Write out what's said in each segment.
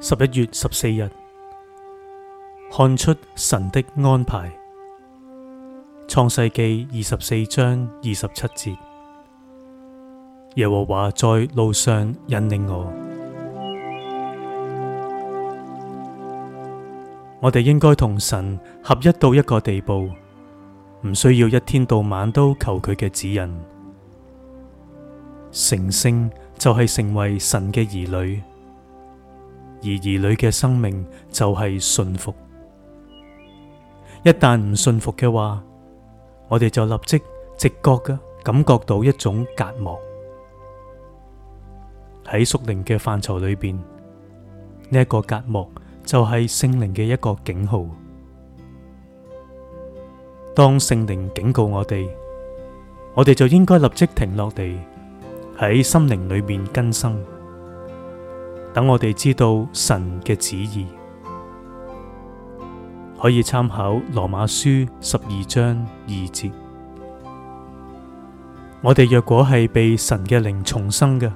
十一月十四日，看出神的安排。創世記二十四章二十七節，耶和華在路上引領我。我哋應該同神合一到一個地步，唔需要一天到晚都求佢嘅指引。成聖就係成為神嘅兒女。而兒女嘅生命就係順服，一旦唔順服嘅話，我哋就立即直覺嘅感覺到一種隔膜。喺屬靈嘅範疇裏邊，呢一個隔膜就係聖靈嘅一個警號。當聖靈警告我哋，我哋就應該立即停落地喺心靈裏邊根生。等我哋知道神嘅旨意，可以參考羅馬書十二章二節。我哋若果係被神嘅靈重生嘅，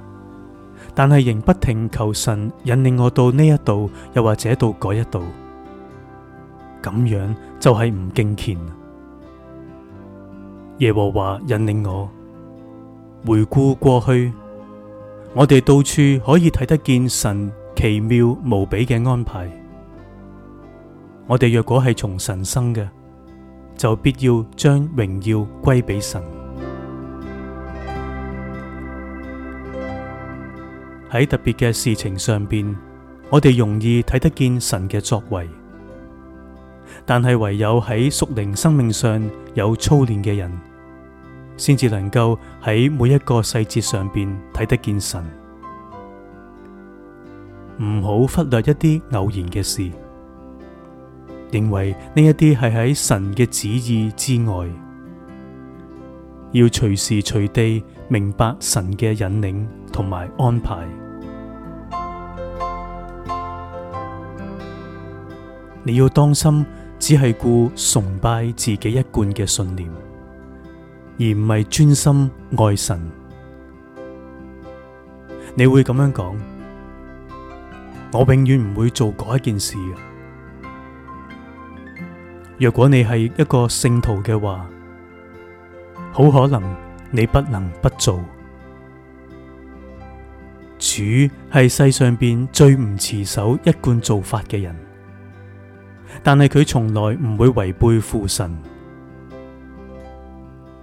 但係仍不停求神引領我到呢一度，又或者到嗰一度，咁樣就係唔敬虔。耶和華引領我，回顧過去。我哋到處可以睇得見神奇妙無比嘅安排。我哋若果係從神生嘅，就必要將榮耀歸畀神。喺特別嘅事情上邊，我哋容易睇得見神嘅作為，但係唯有喺屬靈生命上有操練嘅人，先至能夠喺每一個細節上邊睇得見神，唔好忽略一啲偶然嘅事，認為呢一啲係喺神嘅旨意之外。要隨時隨地明白神嘅引領同埋安排，你要當心，只係顧崇拜自己一貫嘅信念。而唔係專心愛神，你會咁樣講：我永遠唔會做嗰一件事嘅。若果你係一個聖徒嘅話，好可能你不能不做。主係世上邊最唔持守一貫做法嘅人，但係佢從來唔會違背父神。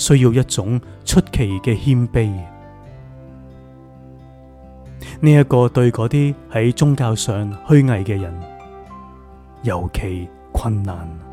需要一種出奇嘅謙卑，呢一個對嗰啲喺宗教上虛偽嘅人尤其困難。